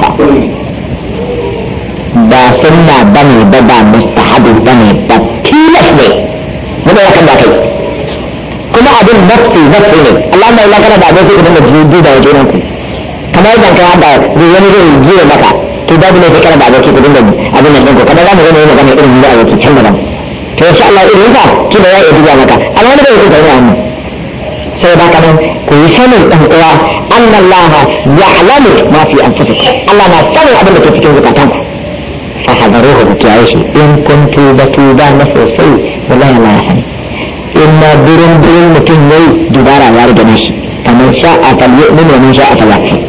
haka ba sunna bane ba ba mustahabi ba tilas ne mun da kan da kai kuma abin nafsi nafsi ne Allah mai lakana da abin kuma da da wajen ku kamar zan kai da wani zai jiya maka to babu ne kana da abin kuma da abin nan ko kamar zamu gane yana gane irin da abin kan da to insha Allah irin ka kina ya yi duba maka amma ne bai yi da sai da kanan ku yi sanin dan uwa annallaha ya'lamu ma fi anfusikum Allah na sanin abin da ke cikin zakatan fa hadaruhu ku kiyaye shi in kuntu batuba na sosai wallahi Allah ya sani in ma birin birin mutum yayi dubara ya riga nashi kamar sha a yu'min wa man sha'a fal yakfur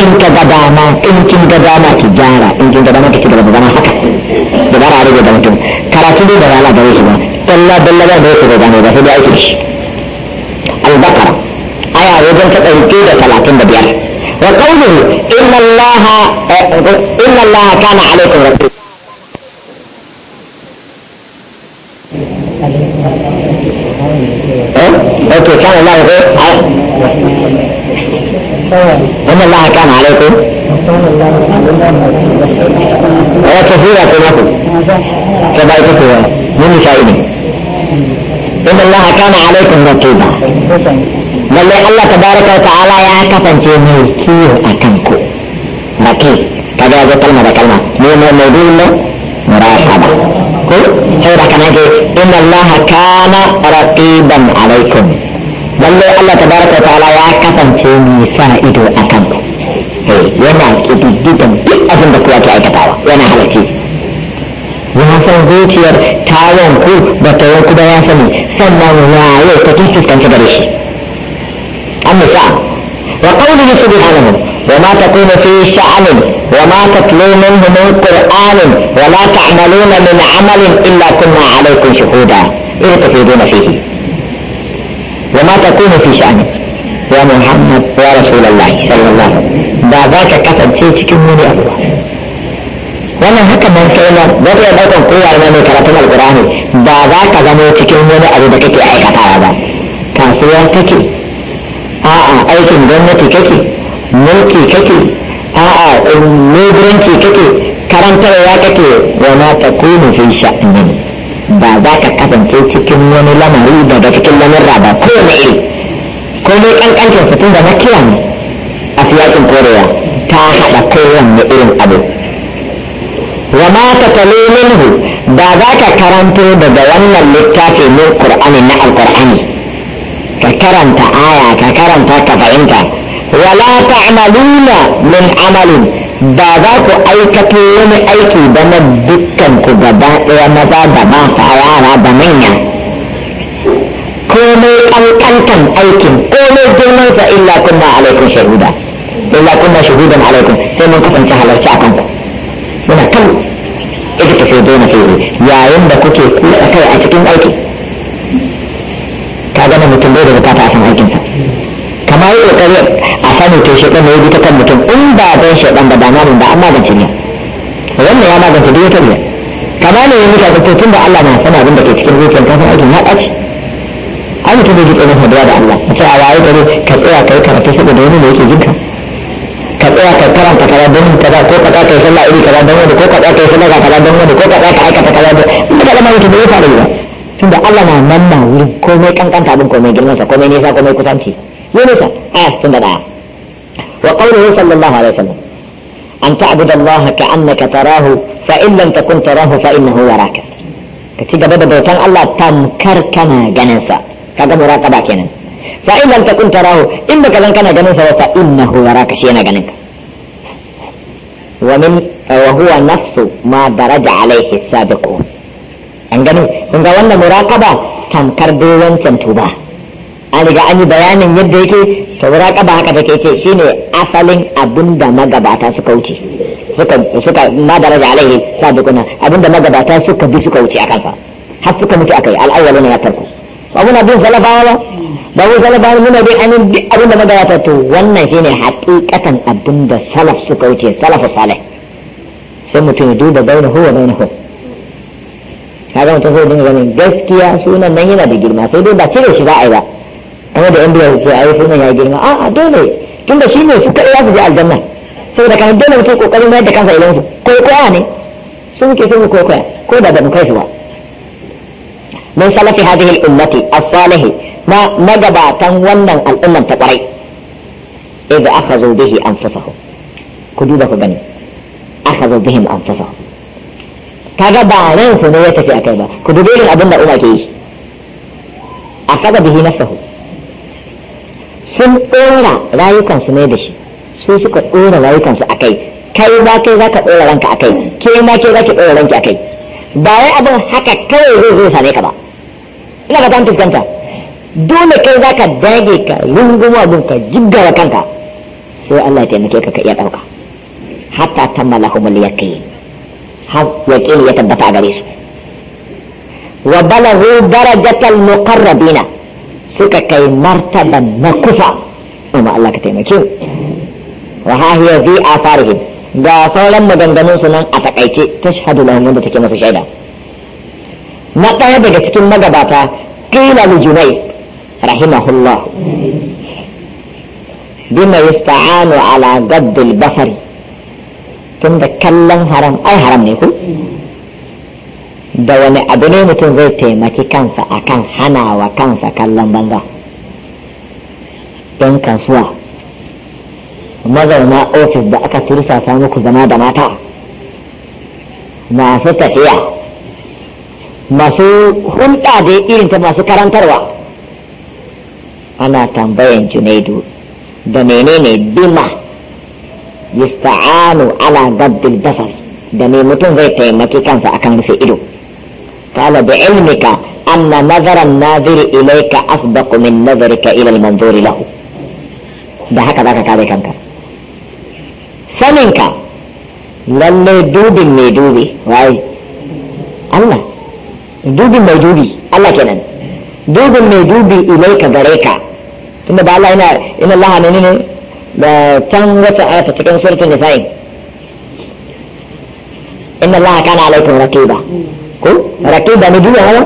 in ka ga dama in kin ga dama ki gyara in kin ga dama ki gaba dama haka dubara ya riga da mutum karatu da wala gare shi ba talla dalla ba da yake da gane ba sai da aiki shi wajen ta ɗauke da talatin da biyar wa kaunin eh, inna allaha kana alaikum rasul eh? ok kana allah ko eh. inna allaha kana ko ke bai misali ne inna allaha kana lallai Allah ta tabaraka wa ta'ala ya kasance mai kiyo a kanku baki ga yazo kalma da kalma ne mai mai dinna muraqaba ko sai da kana ke inna Allah kana raqiban alaikum lallai Allah ta tabaraka wa ta'ala ya kasance mai sa ido a kanku eh, yana kididdigan duk abin da kuwa ke aikatawa yana halarci ya san zuciyar tawon ku da ta ku da ya sani sannan waye ta tun fuskanci gare shi عم شعب وقوله سبحانه وما تكون في شعر وما تتلو منه من قرآن ولا تعملون من عمل إلا كنا عليكم شهودا إذ تفيدون فيه وما تكون في شعر يا محمد يا رسول الله صلى الله عليه وسلم بعدك كفن سيتي كمني أبوه wannan haka man kai nan da ya daukan kowa ne mai karatun alkurani ba za ka zama cikin wani abu da kake aikatawa ba kasuwa kake a'a aikin gwamnati kake mulki kake a'a leburanci kake karantarwa kake wa ma kuma fi sha'anin ba za ka kasance cikin wani lamari daga cikin lamarra ba na iri dai kankancin su da na ne a fiyakin korewa ta haɗa kowanne irin abu wa ma ta talo ba za ka karanto daga wannan littafi ƙur'ani na alkur'ani ka karanta aya ka karanta ka fahimta wala ta'maluna min amalin ba za ku aikato wani aiki ba na dukkan ku gaba ɗaya maza da mata yara da manya komai kankantan aikin komai girman sa illa kunna alaikum shahuda illa kunna shahudan alaikum sai mun kasance halarci akan ku muna kan ita tafi dole sai yayin da kuke ku a kai a cikin aiki da mutum bai da bukata a san aikinsa kamar yi kokari a sani ke shaɗan mai yi ta kan mutum in ba don shaɗan da ba ba an magance ne wannan ya magance duk wata biyar kamar ne ya mutane to tun da Allah na sana abin da ke cikin zuciyar ka san aikin haɗa ce ai mutum bai jiƙe masa da Allah a a waye gare ka tsaya ka yi karatu saboda wani da yake jinka ka tsaya ka karanta kaza don kaza ko kaza ka yi sallah iri kaza don wani ko kaza ka yi sallah kaza don wani ko kaza ka aikata kaza don wani da mutum bai fara yi ba tunda Allah na nan na wurin komai kankanta abin komai girmansa komai nisa komai kusanci yi nisa aya sittin da ɗaya wa qawluhu sallallahu alaihi wasallam an ta'budu Allah ka'annaka tarahu fa in lam takun tarahu fa innahu yaraka ka ci gaba da bautan Allah tamkar kana ganin sa kaga muraqaba kenan fa in lam takun tarahu in baka zan kana ganin sa fa innahu yaraka shi yana ganin ka wa min wa huwa nafsu ma daraja alaihi sabiqun an gani kun ga wannan muraqaba tamkar dai wancan tuba an riga an yi bayanin yadda yake to muraqaba haka take ce shine asalin abin da magabata suka wuce suka suka ma daraja alaihi sabiquna abin da magabata suka bi suka wuce a kansa har suka mutu akai al-awwaluna ya tarku ba muna bin salafawa ba mu salafawa muna bin anin duk abin da magabata to wannan shine haƙiƙatan abin da salaf suka wuce salafu salih sai mutum ya duba bainahu wa bainahu kaga mutum sai dinga ganin gaskiya sunan nan yana da girma sai dai ba cire shi za a yi ba kamar da yan biyar ce ai sunan ya girma a dole tunda shi ne su kaɗai za su je aljanna saboda kan dole mutum kokarin mayar da kansa ilan su koya ne su muke so mu koya ko da ba mu kai su ba min salafi hadhihi al-ummati as-salihi ma magabatan wannan al'umman ta kwarai idza akhadhu bihi anfusahum ku duba gani kaga ba ran su ne ya tafi akai ba ku dubi irin abin da Umar ke yi a kaga bihi na sahu. sun ɗora rayukansu ne da shi su suka ɗora rayukansu a kai, kai ba kai za ka ɗora ranka akai ke ma ka ɗora ranka a kai ba wai abin haka kawai zai zo same ka ba ina ga tantus kanta dole kai za ka dage ka rungumo abin ka jiggawa kanka sai Allah ya taimake ka ka iya ɗauka hatta tammalahumul yaqin هاو يكين يتبتع غريس وبلغوا درجة المقربين سكا كي مرتبا مكفا وما الله كتيم كيم وها هي ذي آثارهم دا صولا مدنجمو سنن أتقيتي تشهد لهم من بتكيم شعيدا ما تهدك تكيم مقباتا قيل لجنيد رحمه الله بما يستعان على قد البصري tunda kallon haram ai haram ne ku da wani abu ne mutum zai taimaki kansa a akan wa kansa kallon banza don kasuwa mazauna ofis da aka samu ku zama da mata masu tafiya masu hulɗa da irin ta masu karantarwa ana tambayan junaidu da menene bima yusta'anu ala gaddil basar da mai mutum zai taimaki kansa akan rufe ido qala bi ilmika anna nazara an-naziri ilayka asdaqu min nazarika ila al-manzuri lahu da haka zaka kare kanka saninka lalle dubin mai dubi wai Allah dubin mai dubi Allah kenan dubin mai dubi ilaika gare ka tunda ba Allah ina ina Allah ne ne da can wata ayata cikin surtun nisa'i inna allaha kana alaikum rakiba ko raqiba ne duniya hawa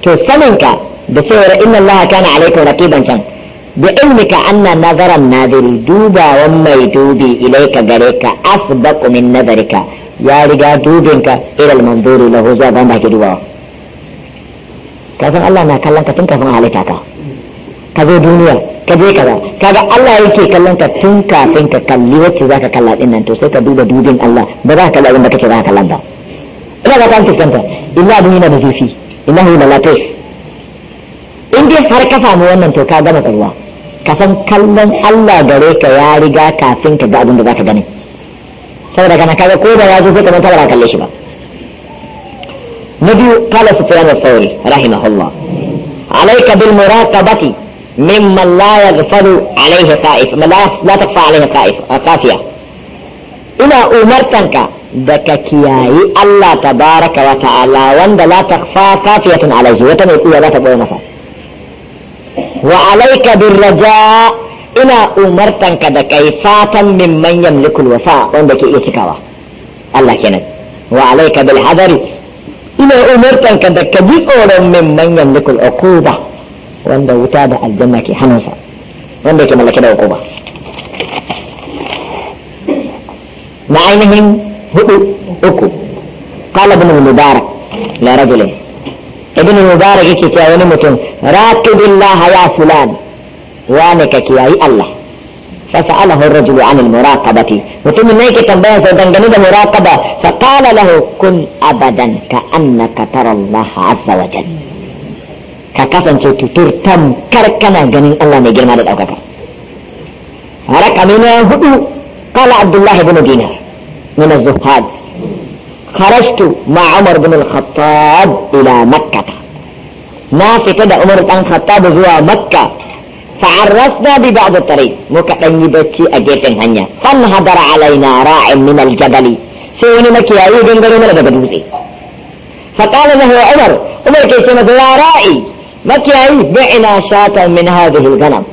to saninka da cewa inna allaha kana alaikum rakiban can bi ilmika anna nazaran nadiri dubawan mai dubi ilaika gare ka asbaqu min nazarika ya riga dubinka ilal manzuri lahu zuwa ban baki dubawa ka san Allah na kallon ka tun kafin halitta ka ka zo duniya ka je kaza kaga Allah yake kallon ka tun kafin ka kalli wacce zaka kalla din nan to sai ka duba dubin Allah ba za ka kalla abin da kake za ka kalla ba ina ba ka fuskanta illa abin yana da zufi illa la latif in dai har ka samu wannan to ka gama tsarwa ka san kallon Allah gare ka ya riga kafin ka ga abin da zaka gani saboda kana kaga ko da ya zo sai ka manta ba kalle shi ba na biyu qala sufyan al-thawri rahimahullah alayka bil muraqabati ممن لا يغفل عليه طائف لا, لا تخفى عليه طائف خافية إنا أمرتك دككياي الله تبارك وتعالى وند لا تخفى خافية عليه وتنقية لا تبوي مثلا وعليك بالرجاء إنا أمرتك دكيفاتا ممن يملك الوفاء وندك إيتكاوا الله كنت وعليك بالحذر إنا أمرتك دكجزء من من يملك العقوبة wanda wuta da aljanna ke hannunsa wanda yake mallake da hukuma na ainihin hudu uku kala bin mubarak la rajulin ibn mubarak yake cewa wani mutum raqibillah ya fulan wa ne ka kiyayi Allah فسأله الرجل عن المراقبة وتم نيك تنبيه سودنجني المراقبة فقال له كن أبدا كأنك ترى الله عز وجل ka kasance tutur tamkar kana ganin Allah mai girma da ɗaukaka rakami na hudu kala abdullahi bin dinar min zuhad kharajtu ma umar bin al-khattab ila makkah na fita da umar ɗan khattab zuwa makka fa'arrasna bi ba'd tare, muka dan yi bacci a gefen hanya fan hadara alaina ra'in min al-jabali sai wani makiyayi dangare mana daga dutse fa qala lahu umar umar kai ce masa ya ra'i makiyayi bi'ina shatan min hadhihi al-ganam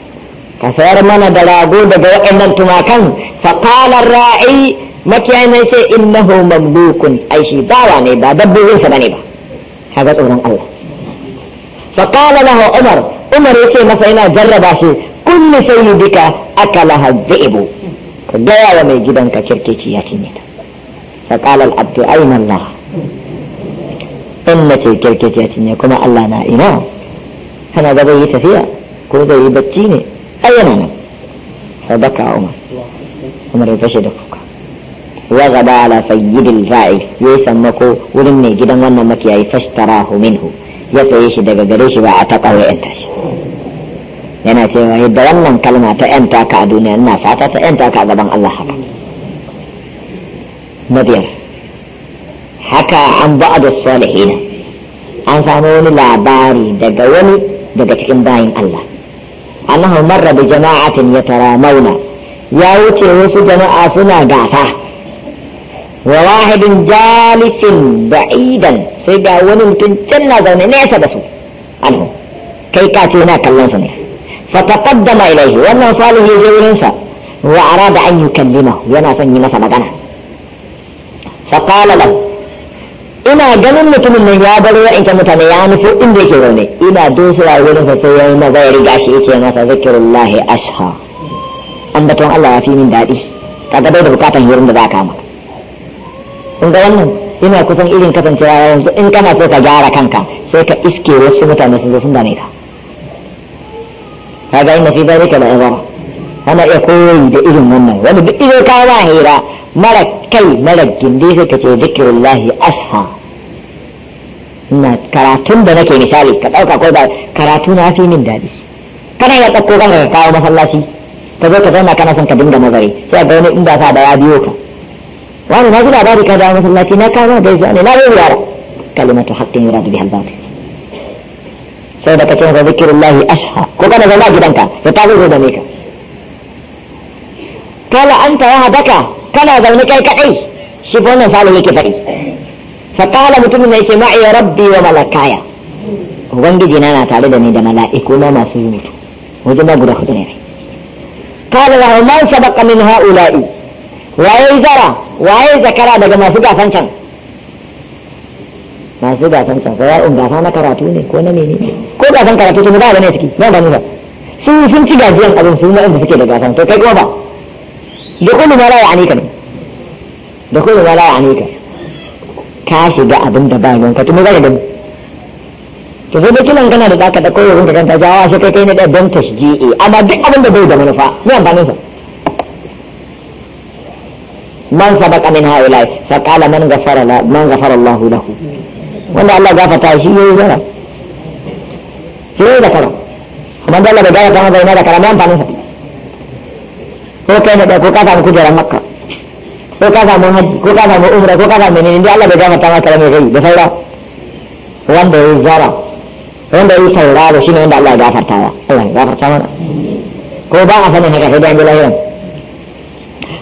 ka sayar mana da rago daga waɗannan tumakan qala ra'i makiyayi ne ce innahu mamlukun ai shi bawa ne ba dabbobin sa bane ba kaga tsoron Allah qala lahu umar umar yace masa yana jarraba shi kullu sayyidika akalaha dhi'bu ka gaya wa mai gidanka kirkeci ya cinye ta faqala al-abdu ayna Allah in cinye kuma Allah na ina kana ga zai yi tafiya ko zai yi bacci ne ayyana nan da kuka wurin mai gidan wannan makiyayi fashtarahu minhu ya shi daga gare shi ba a ta ƙaura yanta shi yana wannan kalma ta a duniya ina fata ta a gaban Allah haka na biyar haka an ba'adu an wani labari daga wani daga cikin bayan Allah annahu marra bi jama'atin yataramawna ya wuce wasu jama'a suna gasa wa wahidin jalisin ba'idan sai ga wani mutum can na zaune nesa da su anhu kai ka ce na kallon su ne mai ilayhi wannan salihu ya je wurin sa wa arada an yukallima yana son yi masa magana faqala lahu ina ganin mutumin nan ya bar wa'ancan mutane ya nufi inda yake zaune ina dusura wurin sa sai yayi maza ya riga shi yace masa zikrullahi ashha batun Allah ya fi min daɗi kaga dai da bukatan hirin da za ka ma in ga wannan ina kusan irin kasancewa yanzu in kana so ka gyara kanka sai ka iske wasu mutane sun zo sun dane ka kaga inna fi zalika da ibara ana iya koyi da irin wannan wanda duk ido ka ma hira mara kai mara gindi sai ka ce zikirullahi ashha na karatun da nake misali ka ɗauka ko ba karatu na fi min daɗi kana ya ɗauko kan ka kawo masallaci ka zo ka zauna kana son ka dinga mazare sai a wani inda sa da ya biyo ka wani na zuba ji labari ka dawo masallaci na kawo da zuwa ne na yi yara kalimatu haqqin yuradu biha al-batil sai da kace ga zikrullahi ashha ko kana zauna gidanka ya ta zo da ne ka kala anta wahdaka kana zaune kai kadai shi wannan salo yake faɗi faƙala mutumin na ce ma'iya rabbi wa malakaya ubangiji na na tare da ni da mala'iku na masu yi mutu wajen na guda hudu ne kala da man sabaka min ha'ula'i waye zara waye zakara daga masu gasan can masu gasan can sai in gasa na karatu ne ko na menene ko gasan karatu tun ba ne ciki ba ba ba sun sun ci gajiyan abin sun da suke da gasan to kai kuma ba da kullu ma la ya'ani ka ne da kullu ma la ya'ani ka ka shiga abin da ba ruwanka tuni ba da to sai dai kilan gana da zaka da koyo ranka kanka jawa shi kai kai ne da dan tashji'i amma duk abin da bai da manufa ne amfanin sa man sabaqa min haula fa qala man ghafara la man ghafara Allah lahu wanda Allah gafarta shi yayi zara shi yayi zakara amma da Allah bai gafarta ma bai na zakara ne amfanin sa ko kai ne da ko ka samu kujerar makka ko ka samu hajji ko ka samu umra ko ka samu menene dai Allah bai gafarta maka ba mai rai da saura wanda ya zara wanda ya saurara shine wanda Allah ya gafarta wa Allah ya gafarta mana ko ba a sanin haka sai dai an bi lahiran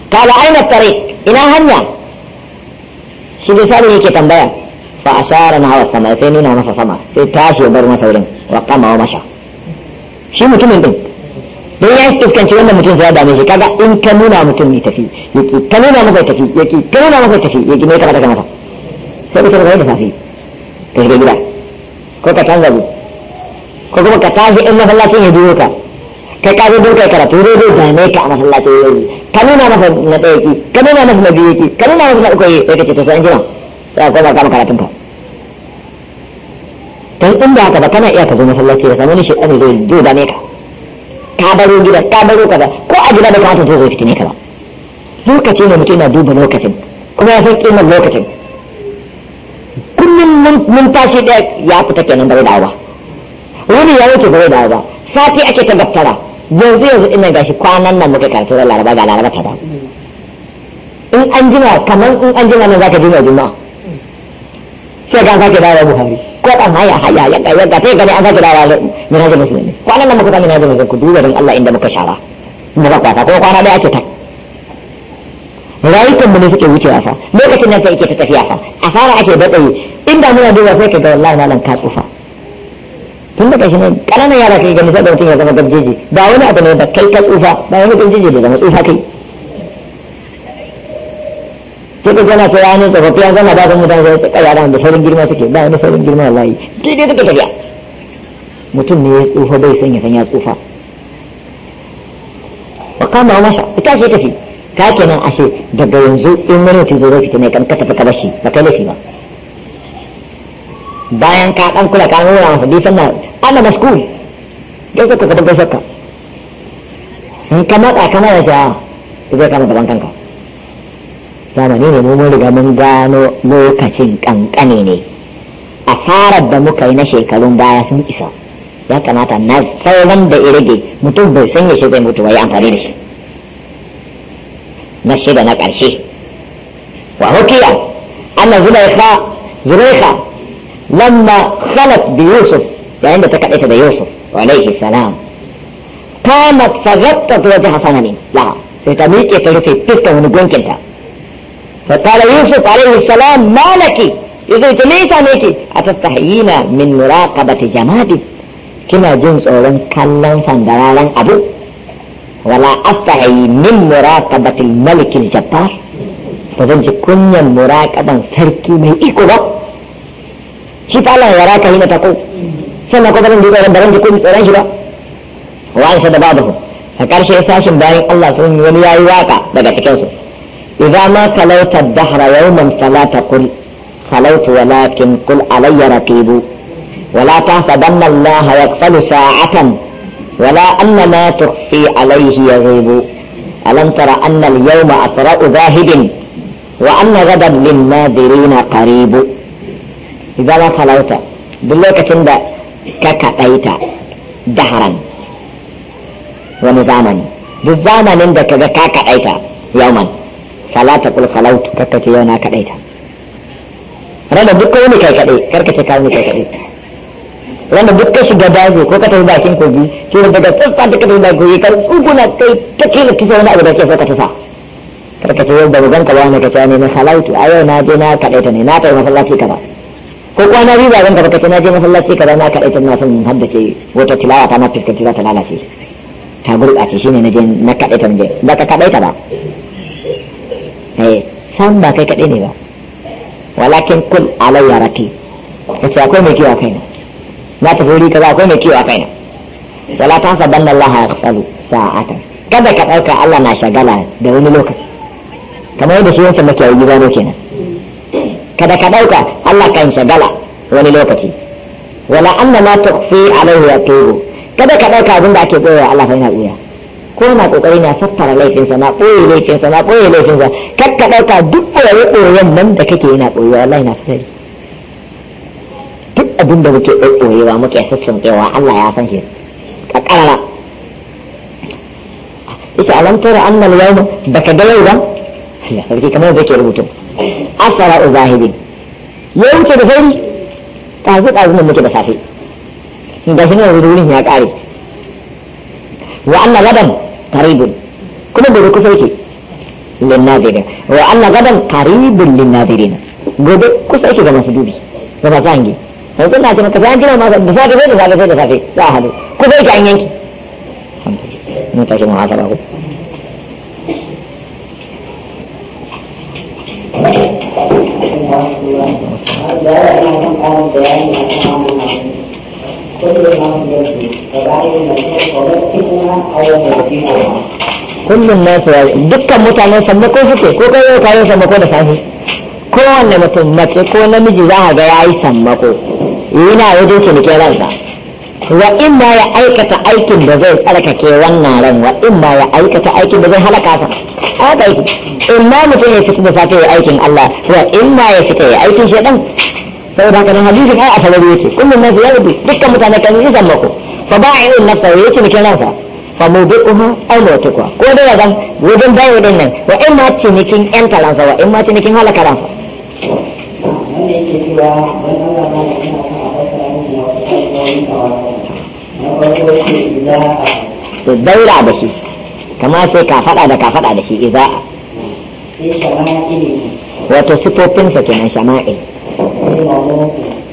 kala aina tare ina hanya shi da sabi yake tambaya fa ashara na hawa sama sai nuna masa sama sai tashi ya bar masa wurin wa kama wa masha shi mutumin din don ya fuskanci wanda mutum ya dame shi kaga in ka nuna mutum ne tafi yaki ka nuna masa tafi yaki ka nuna masa tafi yaki ne kamata ka masa sai mutum ka yi da safi ka shiga gida ko ka canza ko kuma ka tashi in masallaci ne duro ka kai ka zo kai karatu dai zai dame ka a masallaci yi ka nuna masa na ɗaya ki ka nuna masa na biyu ki ka nuna masa na uku yi sai ka ce to sai an jima sai a koma kama karatun ka don inda ba ka ba kana iya ka zo masallaci ya samu ni shi ɗan zai dame ka ta baro gidan ta baro kaza ko a gida baka ta zo fitine ka ba lokaci ne mutum na duba lokacin kuma ya san kimar lokacin kullum mun tashi da ya fita kenan bai dawo ba wani ya wuce bai dawo ba sati ake ta gattara yanzu yanzu ina gashi kwanan nan muka karatu da laraba ga laraba ta ba in an jima kamar in an jima nan zaka jima juma'a sai ka sake dawo buhari ko kan haya haya yanka yanka sai ka an sake dawo min hajji musulmi kwanan nan muka sami hajji musulmi ku duba don Allah inda muka shara muka kwasa ko kwana ɗaya ake ta rayukan mu ne suke wucewa fa lokacin nan sai ke ta tafiya fa asara ake da daɗaye inda muna duba sai ka ga wallahi nan ka tsufa tun da kashi ne ƙananan yara kai gani sai da mutum ya zama gabjeji ba wani abu ne da kai ka tsufa ba wani gabjeji da zama tsufa kai suka gana ta yana tsofaffi an gana ba mutane sai suka yara da saurin girma suke ba wani saurin girma wallahi daidai suke tafiya mutum ne ya tsufa bai sanya sanya san ya tsufa wa kama masa ita ce tafi ka kenan ashe daga yanzu in wani mutum zai fita mai kan ka tafi ka bashi ba kai lafi ba bayan ka dan kula ka nuna masa bai san na ana maskul dai saka ka tabbata saka in ka matsa kana mara ta zai kama gaban kanka zamani ne mu mun riga mun gano lokacin kankane ne asarar da muka yi na shekarun baya sun isa ya kamata na sauran da irage mutum bai san ya zai mutu wai amfani da shi na shida na ƙarshe wa hukiya zuba ya zuba lamma khalat bi yusuf yayin da ta kaɗaita da yusuf alaihi salam kanat zuwa wajha sanani la sai ta miƙe ta rufe fuskar wani gunkinta فقال يوسف عليه السلام ما لك يوسف ليس ساميكي أتستحيين من مراقبة جمادي كنا جنس أولن كلن سندرالا أبو ولا أستحي من مراقبة الملك الجبار فزنج كنا مراقبا سركي من إيكو shi ta Allah ya raka hina tako sannan kuma zan duba ran baran jiko mai tsoron shi ba wa aisha da babu a karshe sashin bayan Allah sun wani yi waka daga cikinsu. إذا ما كلوت الدهر يوما فلا تقل خلوت ولكن قل علي رقيب ولا تحسبن الله يغفل ساعة ولا أن ما تخفي عليه يغيب ألم تر أن اليوم أسرع ذاهب وأن غدا للنادرين قريب إذا ما خلوت بالله تندى ككتيت دهرا ونظاما بالزامن عندك ككتيت يوما salata kul falaut kakkace yau na kadai ta rana duk kai kai kadai karkace ce wani kai kadai ranar duk ka shiga daji ko ka tafi bakin kogi ke daga tsaffa da ka tafi bakin kogi kan tsuguna kai ta kila kisa wani abu da ke so ka tafa karkace yau da zan ka wani kace ne na salautu a yau na je na kadai ta ne na tafi masallaci kaza ko kwana biyu riba zan tafi kace na je masallaci kaza na kadai ta na son ce wata tilawa ta na fuskanci za ta lalace ta gurɓace ne na je na kaɗaita ta ba ka kaɗaita ta ba eh san ba kai kaɗai ne ba walakin kul alayya raki yace akwai mai kiwa kai na tafi wuri kaza akwai mai kiwa kaina wala ta saban Allah ya tsalu sa'ata kada ka ɗauka Allah na shagala da wani lokaci kamar yadda shi wancan makiyayi gidano kenan kada ka ɗauka Allah kan shagala wani lokaci wala anna ma tukhfi alayhi yatubu kada ka ɗauka abin da ake tsayawa Allah fa yana tsayawa ko na kokari na tattara laifinsa na laifin laifinsa na koyi laifinsa kar ka dauka duk ɓoye koyon nan da kake yana koyi wallahi na sani duk abin da muke ba muke sassan tsewa Allah ya san shi ka karara. ita alam tara al-yawm baka ga yau ba Allah sarki kamar yadda ke rubutu asara uzahidin ya wuce da sauri ɗazu ɗazu nan muke da safe ga shi ne wurin ya kare wa anna ladan qaribun kuma gobe kusa yake lin nadirin wa anna gadan qaribun lin nadirin gobe kusa yake ga masu dubi ga masu hange yanzu na ce maka sai an gina ma da Thank you. kullum na su yayi dukkan mutanen ko suke ko kai yau kayan ko da safe kowanne mutum mace ko namiji za a ga ya yi sammako yana wajen cinikin ransa wa in ba ya aikata aikin da zai tsarkake wannan ran wa in ba ya aikata aikin da zai halaka sa haka aiki in ma mutum ya fita da safe ya aikin Allah wa in ma ya fita ya aikin shaɗan. saboda haka nan hadisin ai a farar yake kullum nasu ya rubi dukkan mutane kan yi zamba ko fa ba a yin nafsa ya ci bikin ransa fa mu bi uhu ai mu tukwa ko da ya zan wajen bayo din nan wa in ma cinikin yan talansa wa in ma cinikin halaka ransa to daura da shi kamar sai ka fada da ka fada da shi iza'a wato sifofinsa kenan shama'il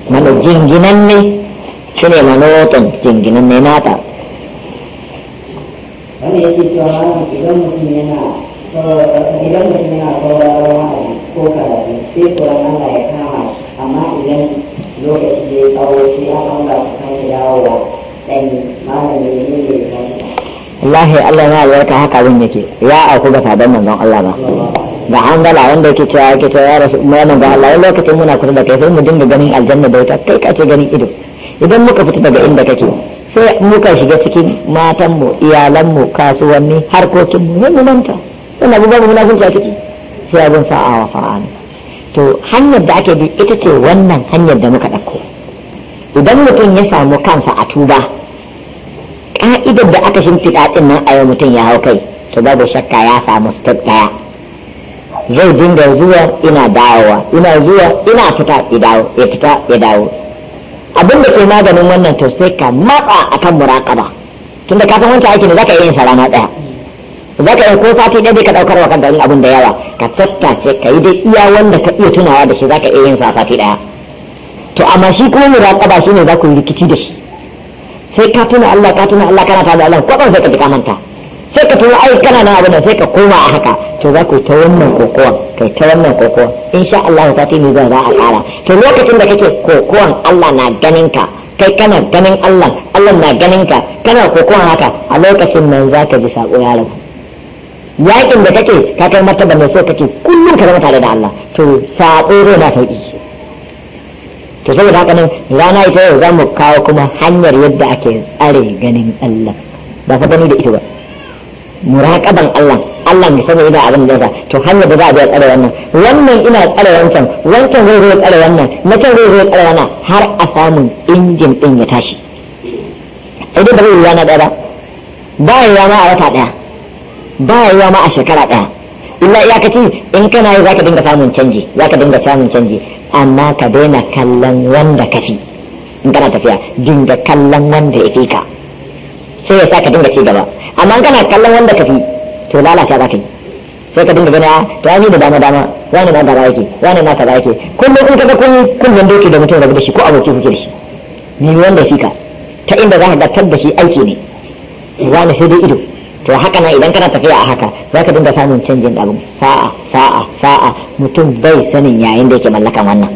mana jinginan ne shi ne manotan jinginan ne nata wanda ko karatu sai tsoron Allah ya kama amma idan ya ya kama su Allah haka abin yake ya auku ga sadan manzon Allah ba da gala wanda yake cewa yake cewa ya rasu ma manzo Allah wani lokacin muna kusa da kai sai mu dinga ganin aljanna da ita kai kace ganin ido idan muka fita daga inda kake sai muka shiga cikin matanmu iyalanmu kasuwanni harkokinmu sai mu manta wannan abubuwan mu munafunci a ciki sai abin sa'a a ne to hanyar da ake bi ita ce wannan hanyar da muka ɗauko idan mutum ya samu kansa a tuba ƙa'idar da aka shimfiɗa ɗin nan a yau mutum ya hau kai to babu shakka ya samu step ɗaya zai dinga zuwa ina dawowa ina zuwa ina fita dawo ya fita dawo abin da ke maganin wannan to sai ka matsa akan muraƙaba tunda ka san wancan aikin da zaka yi sa rana ɗaya zaka yi ko sati ɗaya ka ɗaukar wa kanka abin da yawa ka tattace ka yi dai iya wanda ka iya tunawa da shi zaka iya yin sa sati ɗaya to amma shi kuma muraƙaba shine za ku yi rikici da shi sai ka tuna Allah ka tuna Allah kana da Allah kwatsan sai ka ji ka manta sai ka tuno ai kana na abu da sai ka koma a haka to za ku ta wannan kokowa kai ta wannan kokowa insha Allah ta tini zan za a kara to lokacin da kake kokowan Allah na ganin ka kai kana ganin Allah Allah na ganin ka kana kokowan haka a lokacin nan za ka ji sako ya rabu yakin da kake ka kai da mai so kake kullum ka zama tare da Allah to sako zai na sauki to saboda haka nan rana ita yau za mu kawo kuma hanyar yadda ake tsare ganin Allah ba fa gani da ita ba muraƙaban Allah Allah mai sani da abin da to hanyar da za a biya tsare wannan wannan ina tsare wancan wancan zai zo tsare wannan na can zai zo tsare wannan har a samun injin din ya tashi sai dai ba zai yana ɗaya ba ba ya ma a wata ɗaya ba ya ma a shekara ɗaya illa iyakaci in kana yi ka dinga samun canji ka dinga samun canji amma ka daina kallon wanda ka fi in kana tafiya dinga kallon wanda ya fi ka sai ya sa ka dinga ci gaba amma kana kallon wanda ka fi to lalata za ka yi sai ka dinga gani ah, to ai yi da dama dama wani na gaba yake wani na kaza yake kullum in kaga kun kullun doki da mutum rabu da shi ko aboki kuke da shi ni wanda fi ka ta inda za ka dakar da shi aiki ne wani sai dai ido to haka na idan kana tafiya a haka za ka dinga samun canjin abu sa'a sa'a sa'a mutum bai sanin yayin da yake mallakan wannan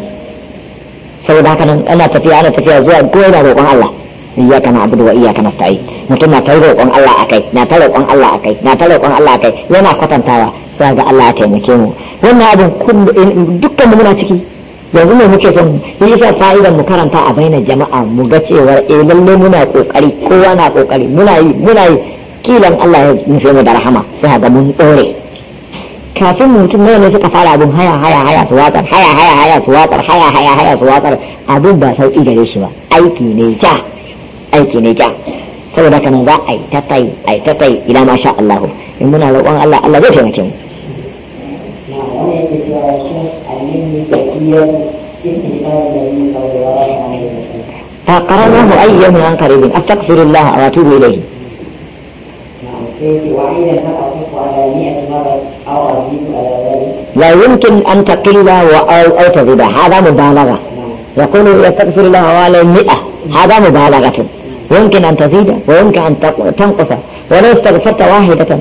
saboda haka nan ana tafiya ana tafiya zuwa ko yana roƙon Allah iyyaka na'budu wa iyyaka nasta'in mutum na ta roƙon Allah akai na ta roƙon Allah akai na ta roƙon Allah akai yana kwatantawa sai ga Allah ya taimake mu wannan abin eh, dukkan mu muna ciki yanzu ne muke son yi sa fa'idan mu karanta a baina jama'a mu ga cewa eh lalle muna kokari kowa na kokari muna yi muna yi kilan Allah ya nufe mu da rahama sai ga mun dore kafin mutum ne suka fara abin haya haya haya su watsar haya haya haya su watsar haya haya haya su watsar abin ba sauki gare shi ba aiki ne ja aiki ne kyan saboda haka nan za a yi ta tai a yi ta tai ila ma sha Allah in muna roƙon Allah Allah zai taimake mu fa qaranahu ayyuhu an qarib astaghfirullah wa atubu ilayhi لا يمكن أن تقل أو أو تغيب هذا مبالغة يقول يستغفر الله على المئة هذا مبالغة ويمكن أن تزيد ويمكن أن تنقص ولو استغفرت واحدة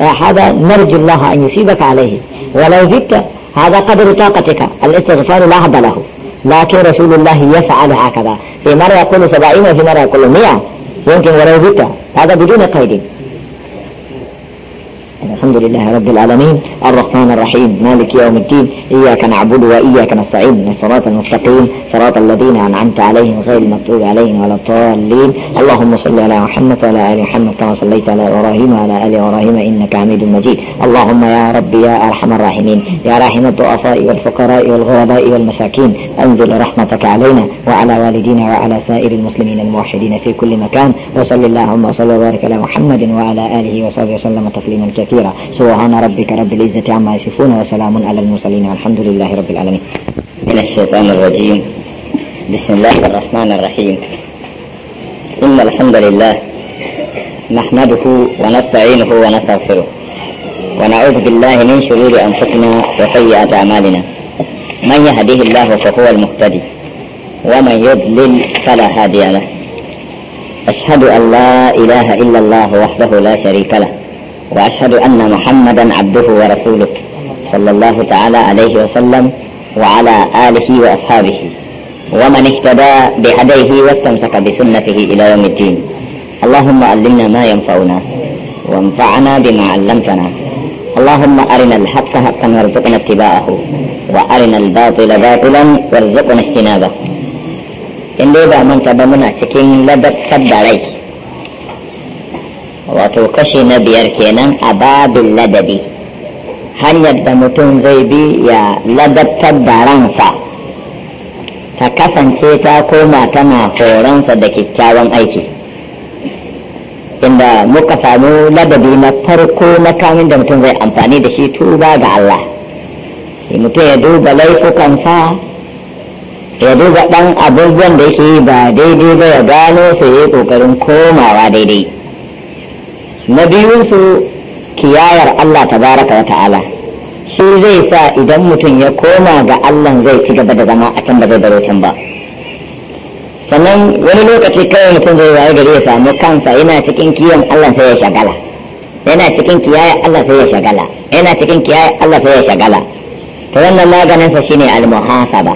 آه، هذا نرجو الله أن يصيبك عليه ولو زدت هذا قدر طاقتك الاستغفار لا حد له لكن رسول الله يفعل هكذا في مرة يقول سبعين وفي مرة يقول مئة يمكن ولو زدت هذا بدون قيد الحمد لله رب العالمين الرحمن الرحيم مالك يوم الدين إياك نعبد وإياك نستعين صراط المستقيم صراط الذين أنعمت عليهم غير المطلوب عليهم ولا الضالين اللهم صل على محمد وعلى آل محمد كما صليت على إبراهيم وعلى آل إبراهيم إنك حميد مجيد اللهم يا رب يا أرحم الراحمين يا راحم الضعفاء والفقراء والغرباء والمساكين أنزل رحمتك علينا وعلى والدينا وعلى سائر المسلمين الموحدين في كل مكان وصل اللهم صل وبارك على محمد وعلى آله وصحبه وسلم تسليما كثيرا كثيرا سبحان ربك رب العزة عما يصفون وسلام على المرسلين والحمد لله رب العالمين من الشيطان الرجيم بسم الله الرحمن الرحيم إن الحمد لله نحمده ونستعينه ونستغفره ونعوذ بالله من شرور أنفسنا وسيئات أعمالنا من يهديه الله فهو المهتدي ومن يضلل فلا هادي له أشهد أن لا إله إلا الله وحده لا شريك له وأشهد أن محمدا عبده ورسوله صلى الله تعالى عليه وسلم وعلى آله وأصحابه ومن اهتدى بهديه واستمسك بسنته إلى يوم الدين اللهم علمنا ما ينفعنا وانفعنا بما علمتنا اللهم أرنا الحق حقا وارزقنا اتباعه وأرنا الباطل باطلا وارزقنا اجتنابه إن لذا من تبمنا تكين لدك خد عليك wato kashi na biyar kenan a babin ladabi hanyar da mutum zai bi ya ladabtar da ransa ta kasance ta koma tana horonsa da kyakkyawan aiki inda muka samu ladabi na farko na kamun da mutum zai amfani da shi tuba ga Allah mutum ya duba laifukansa ya duba ɗan abubuwan da yake ba daidai ba ya gano su yi ƙoƙarin komawa daidai na biyunsu kiyayar Allah tabaraka wa ta'ala shi zai sa idan mutum ya koma ga Allah zai ci gaba da zama a can ba zai baro can ba sannan wani lokaci kawai mutum zai waye gari ya samu kansa yana cikin kiyon Allah sai ya shagala yana cikin kiyayar Allah sai ya shagala yana cikin kiyayar Allah sai ya shagala to wannan maganinsa shine al-muhasaba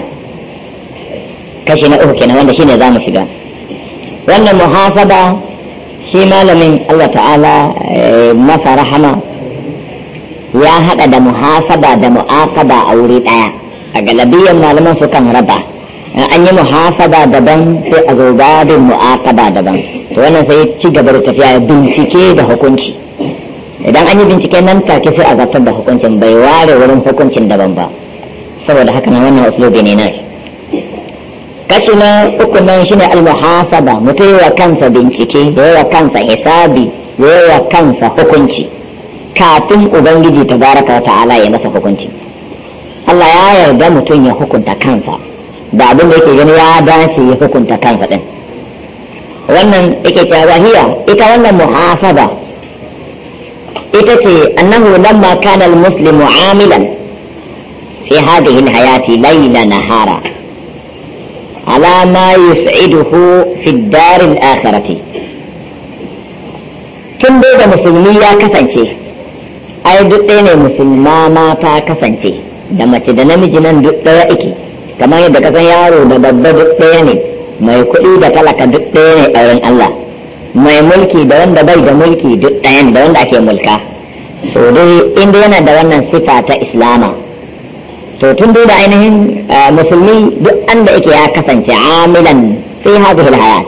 kashi na uku kenan wanda shine zamu shiga wannan muhasaba shi malamin Allah ta'ala eh, masa rahama ya haɗa da muhasaba da mu'aqaba a wuri ɗaya a galabiyan malaman sukan raba an yi muhasaba daban sai a zo babin mu'aqaba daban to wannan sai ci gaba da tafiya bincike da hukunci idan an yi bincike nan take sai a zartar da hukuncin bai ware wurin hukuncin daban ba saboda haka na wannan uslubi ne na kashi na uku nan shine mutu mutum wa kansa bincike yi wa kansa hisabi yi wa kansa hukunci kafin ubangiji tabaraka wa ta'ala ya masa hukunci Allah ya yarda mutum ya hukunta kansa da abin da yake gani ya dace ya hukunta kansa din wannan yake tawahiya ita wannan muhasaba ita ce annahu lamma kana almuslimu amilan fi hadhihi alhayati layla nahara على ما يسعده في الدار الآخرة tun da musulmi ya kasance ai duk ɗaya ne musulma mata kasance da mace da namiji nan duk ɗaya kamar yadda kasan yaro da babba duk ɗaya mai kuɗi da talaka duk ɗaya ne ɗaurin Allah mai mulki da wanda bai da mulki duk ɗaya da wanda ake mulka so dai inda yana da wannan sifa ta islama to tun dai da ainihin eh, musulmi duk anda yake ya kasance amilan fi hadhihi alhayat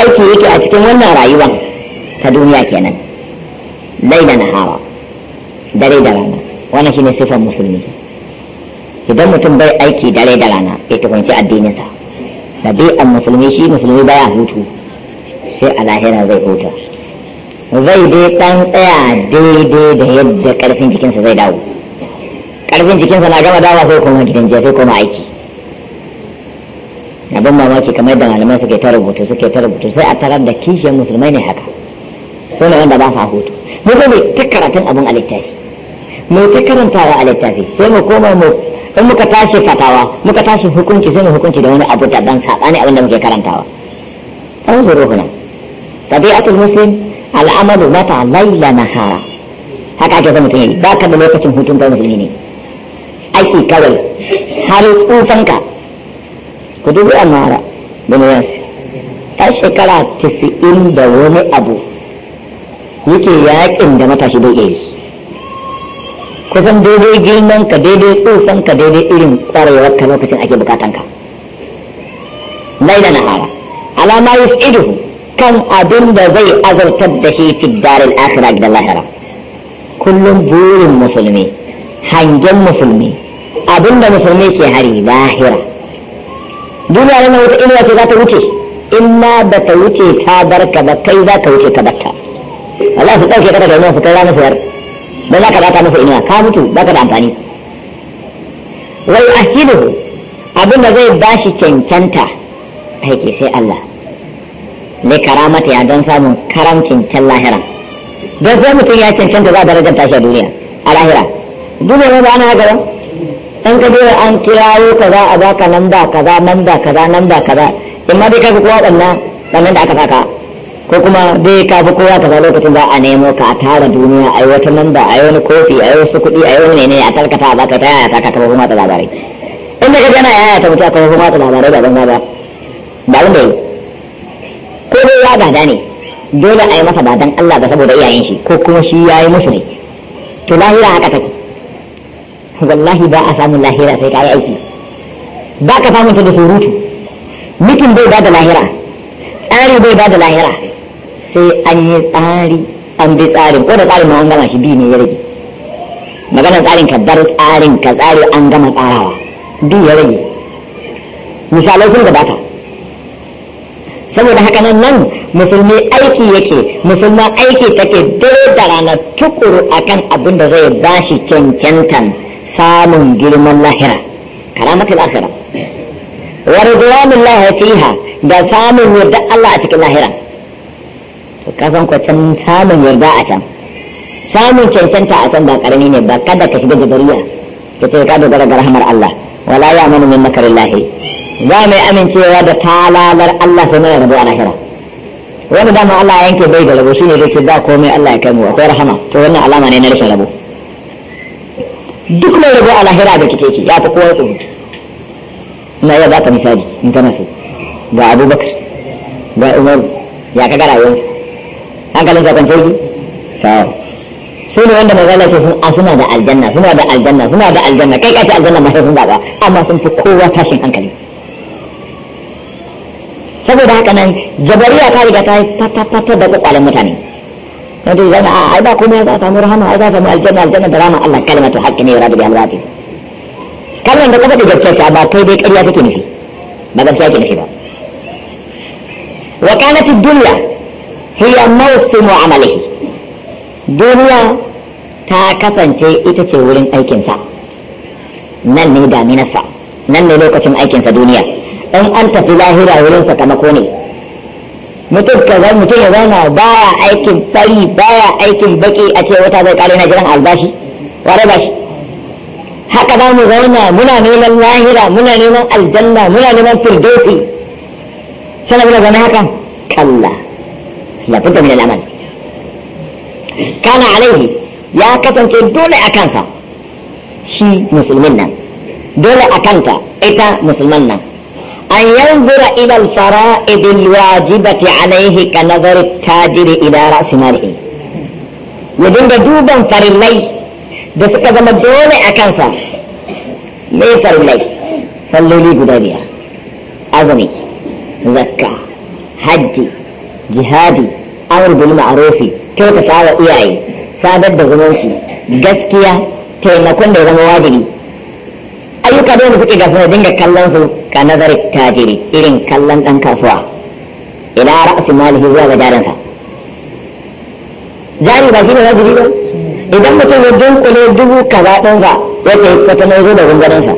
aiki yake a cikin wannan rayuwa ta duniya kenan laila nahara dare da rana wannan shine sifar musulmi idan mutum bai aiki dare da rana ya tukunci addininsa da an musulmi shi musulmi baya hutu sai a lahira zai huta zai dai ɗan tsaya daidai da yadda ƙarfin jikinsa zai dawo karfin jikinsa na gama dawa sai kuma gidan jiya sai kuma aiki abin mamaki kamar da malamai suke ta rubutu suke ta rubutu sai a tarar da kishiyar musulmai ne haka su na wanda ba sa hutu mu zo mai ta karatun abin a littafi mu ta karantawa a littafi sai mu koma mu in muka tashi fatawa muka tashi hukunci sai mu hukunci da wani abu da ban sabani abin da muke karantawa an zuru huna tabi'atul muslim al'amalu mata laila nahara haka ake zama mutum yi ba ka da lokacin hutun ga musulmi ne aiki kawai har tsufanka ku dubi amara da ta shekara tisa'in da wani abu yake yakin da matashi bai iya yi kusan daidai girman ka daidai tsufan ka daidai irin ƙwarewar ka lokacin ake bukatan ka laila na hara alama yus'iduhu kan abin da zai azartar da shi fi daril akhirah da lahira kullum burin musulmi hangen musulmi abinda musulmi ke hari lahira duniya nan wata inuwa ce za ta wuce in ma ba ta wuce ta bar ka ba kai za ka wuce ka barta Allah su ɗauke ka daga inuwa su kai ranar sayar don za ka ta masa inuwa ka mutu ba ka da amfani wai ahidu abinda zai ba shi cancanta aiki sai Allah ne karamata ya don samun karamcin can lahira don sai mutum ya cancanta za a darajar tashi a duniya a lahira duniya ba ana gaba in ka dora an ka kaza a baka nan ka kaza nan ka kaza nan ka kaza in ma dai ka fi kowa ɗan nan da aka saka ko kuma dai ka fi kowa za lokacin za a nemo ka a tara duniya a yi wata nan ba a yi wani kofi a yi wasu kuɗi a yi wani ne a tarkata a baka ta yaya ta ka taɓa kuma ta labarai in da ka gana yaya ta mutu a taɓa kuma ta labarai da zama ba ba wanda yi ko dai ya gada ne dole a yi masa ba dan Allah ba saboda iyayen shi ko kuma shi ya yi musu ne to lahira haka take wallahi ba a samun lahira sai ka yi aiki ba ka samun ta da surutu mutum bai ba da lahira tsari bai ba da lahira sai an yi tsari an bi tsarin ko da tsarin ma an gama shi biyu ne ya rage maganar tsarin ka bar tsarin ka tsari an gama tsarawa biyu ya rage misalai sun gabata saboda haka nan nan musulmi aiki yake musulman aiki take dare da rana tukuru akan abin da zai bashi cancantan samun girman lahira karamatul akhirah wa ridwanullah fiha da samun yarda Allah a cikin lahira to ka san ko can samun yarda a can samun cancanta a can ba karami ne ba kada ka shiga dariya ka ce ka dogara ga rahmar Allah wala ya manu min makarillah za mai amincewa da talalar Allah sai mai rabu a lahira wani dama Allah yanke bai da rabu shine zai ce ba komai Allah ya kai mu akwai rahama to wannan alama ne na rashin rabu duk mai rabo a lahira da kike ya fi kowa ina na ya baka misali in kana so ga abubakar ga umaru ya gara yau hankalin ka kwance ki sawa su ne wanda mai Allah sun a suna da aljanna suna da aljanna suna da aljanna kai kace aljanna ma sai sun zaba amma sun fi kowa tashin hankali saboda haka nan jabariya ta riga ta yi ta ta ta da kwakwalen mutane نبي جمع عبا قوم يا زعت عمرها ما عزاف ما الجنة الجنة دراما ألا كلمة حق نير رب الأمراض كلا عندك بدي جبتك عبا كيبك إلي أفكي نفي ما جبتك نفي بقى وكانت الدنيا هي موسم عمله دنيا تاكتا تي إتتورين أيكين سا نن ميدا من السا نن ميلوكتم أيكين سا دنيا إن أنت في لاهرة ولنسا كمكوني mutum kaza mutum ya zauna baya aikin fari baya aikin baki a ce wata zai kare na jiran albashi ware bashi. haka za mu zauna muna neman lahira muna neman aljanna muna neman firdausi sana muna zama haka. kalla labudda min al'amal kana alaihi ya kasance dole a kansa shi musulmin nan dole a kanta ita musulman nan أن ينظر إلى الفرائض الواجبة عليه كنظر التاجر إلى رأس ماله يدين دوبا فرلي da suka zama dole a kansa me farlai salloli guda biyar azumi zakka hajji jihadi amur bil ma'rufi kyautata wa iyaye sadar da zumunci gaskiya taimakon da zama wajibi ayyuka da wanda suke gasu na dinga kallon su ka nazarin tajiri irin kallon ɗan kasuwa ila ra'asi malihi zuwa ga jarinsa jari ba shi ne wajibi ba idan mutum ya dunkule dubu kaza ɗinsa ya ce wata mai zo da gungarinsa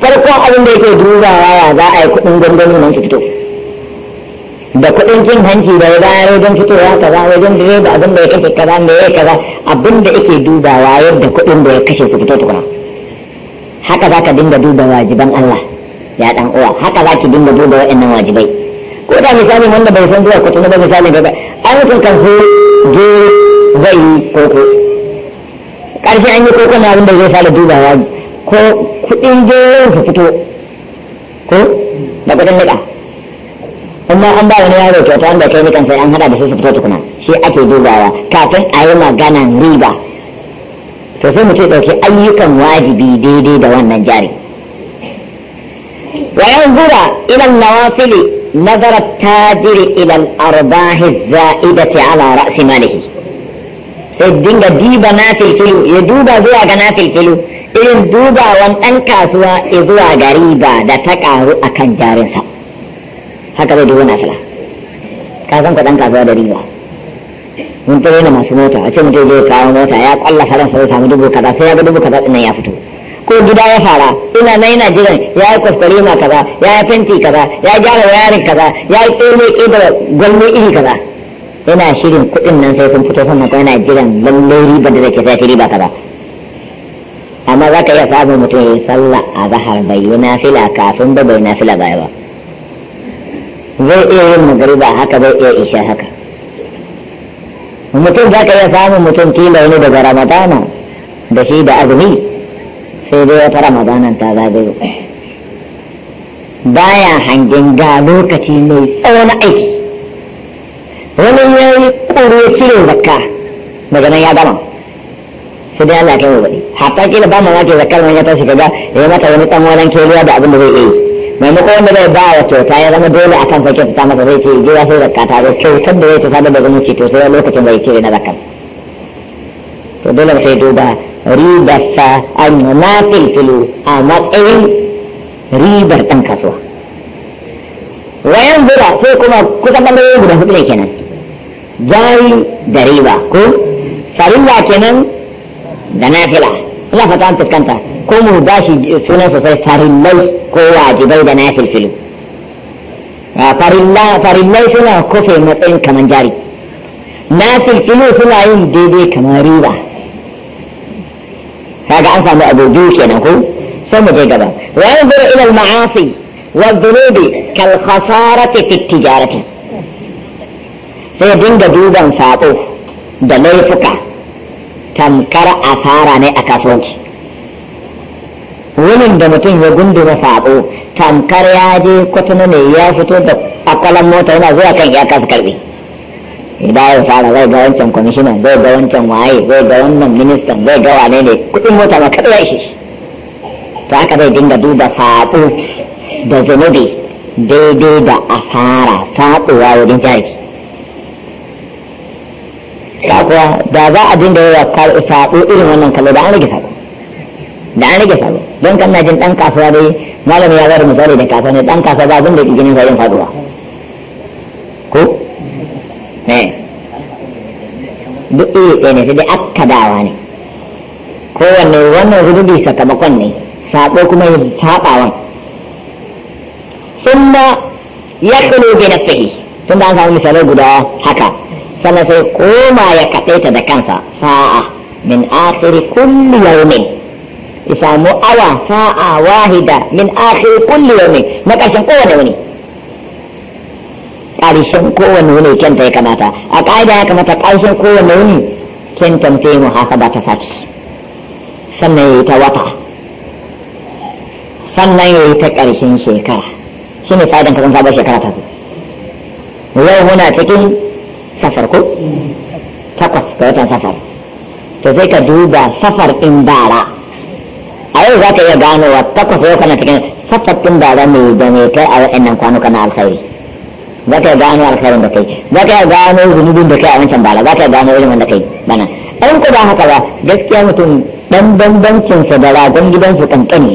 farkon abin da yake dubawa ya za a yi kuɗin gwangwani nan su fito da kuɗin cin hanci da ya bayar wajen fitowa kaza wajen direba abin da ya kashe kaza me ya kaza abin da yake dubawa yadda kuɗin da ya kashe su fito tukuna haka za ka dinga duba wajiban Allah ya dan uwa haka za ki dinga duba waɗannan wajibai ko da misali wanda bai san zuwa tuna ba misali daga an mutum kan su ge zai yi koko karshe an yi koko na wanda zai fara dubawa ko kuɗin gerin su fito ko da kuɗin niƙa amma an ba wani yaro kyauta wanda kai nikan sai an hada da su su fito tukuna shi ake dubawa kafin a yi magana riba to sai mutum ɗauki ayyukan wajibi daidai da wannan jari wayan zura ila nawafili nazara tajiri ilan al-arbahi za'idati ala ra'si malihi sai dinga diba na filfilu ya duba zuwa ga na filfilu irin dubawan ɗan kasuwa ya zuwa ga riba da ta ƙaru akan jarinsa haka zai duba na fila ka san kasuwa da riba mun tare da masu mota a ce mutum zai kawo mota ya kwalla sa sai samu dubu kaza sai ya ga dubu kaza dinnan ya fito ko gida ya fara ina na yana jiran ya yi kwaskwari ma kaza ya yi fenti kaza ya gyara wayarin kaza ya yi tsere ƙidar gwallo iri kaza yana shirin kuɗin nan sai sun fito sannan kuma yana jiran lallai riba da zai sai riba kaza amma za ka iya samun mutum ya yi sallah a zahar bai yi nafila kafin da bai nafila baya ba zai iya yin magariba haka zai iya isha haka mutum za ka iya samun mutum kila wani daga ramadana da shi da azumi sai dai wata ramadanan ta zagayo baya hangen ga lokaci mai tsawon aiki wani ya yi kuro cire zakka daga nan ya gama sai dai Allah ya kai wa baɗi hatta kila ba ke zakkar nan ya tashi kaga ya mata wani ɗan wani keliya da abin da zai iya yi maimakon wanda zai ba wa kyauta ya zama dole a kan sarki ta masa zai ce je ya sai zakka ta zo kyautar da zai ta sadar da zumunci to sai lokacin bai cire na zakkan to dole sai duba ribarsa an na filu, a matsayin ribar ɗan kasuwa wayan zura sai kuma kusan ɓangarorin guda hudu ne kenan jari da riba ko farilla kenan da nafila ina fata an fuskanta ko mu bashi sunan sosai farillai ko wajibai da nafil filu farillai suna kofe matsayin kaman jari nafil filu suna yin daidai kamar riba kaga an samu abu biyu kenan ko sai mu je gaba wa yanzuru ila al-ma'asi والذنوب كالخسارة في التجارة سيدنجا دوبا ساقو دليفك tamkar asara ne a kasuwanci wurin da mutum ya gunduma sabo tamkar ya je kwatuna ne ya fito da akwalan mota yana zuwa kan ya kasa karbi idan ya fara zai ga wancan kwamishina zai ga wancan waye zai ga wannan ministan zai ga wane ne kudin mota ma kada shi ta haka zai dinga duba sabo da zunubi daidai da asara faɗuwa wurin jari kakuwa da za a dinga yawa sabo irin wannan kallo da an rage sabo da an rage sabo don kan na jin dan kasuwa dai malami ya bada misali da kasuwa ne dan kasuwa ba abin da ginin zai faduwa ko ne eh. duk iya ɗaya ne sai dai dawa ne kowanne wannan zunubi sakamakon ne sabo kuma yin sabawan sunna ya na bi nafsihi tunda an samu misalai guda haka sannan sai koma ya kaɗe ta da kansa sa'a min akhiri kulli yawmin ya samu awa sa'a wahida min akhiri kulli yawmin na ƙarshen kowane wuni ƙarshen kowane wuni kenta ya kamata a ƙa'ida ya kamata ƙarshen kowane wuni kenta ta yi muhasaba ta sati sannan ya yi ta wata sannan ya yi ta ƙarshen shekara shi ne fa'idan kasan sabon shekara ta zo yau muna cikin safar ko takwas ga watan safar to sai ka duba safar in bara a yau za ka iya ganowa takwas yau kana cikin safar ɗin bara ne da mai kai a waɗannan kwanuka na alkhairi za ka iya gano alkhairin da kai za ka iya gano zunubin da kai a wancan bara za ka iya gano ilimin da kai bana in ku ba haka ba gaskiya mutum ɗan bambancinsa da ragon gidansu ƙanƙani